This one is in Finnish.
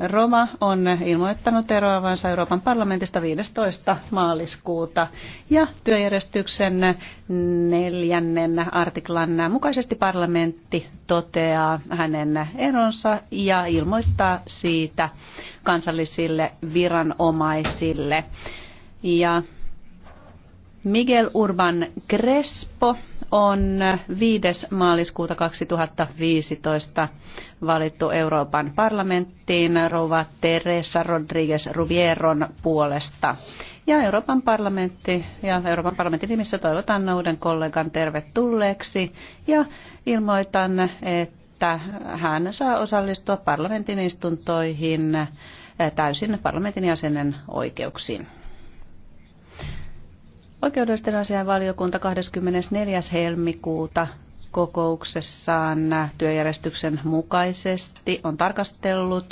Roma on ilmoittanut eroavansa Euroopan parlamentista 15. maaliskuuta ja työjärjestyksen neljännen artiklan mukaisesti parlamentti toteaa hänen eronsa ja ilmoittaa siitä kansallisille viranomaisille. Ja Miguel Urban Crespo on 5. maaliskuuta 2015 valittu Euroopan parlamenttiin rouva Teresa Rodriguez Rubieron puolesta. Ja Euroopan parlamentti ja Euroopan parlamentin nimissä toivotan uuden kollegan tervetulleeksi ja ilmoitan, että hän saa osallistua parlamentin istuntoihin täysin parlamentin jäsenen oikeuksiin. Oikeudellisten asian valiokunta 24. helmikuuta kokouksessaan työjärjestyksen mukaisesti on tarkastellut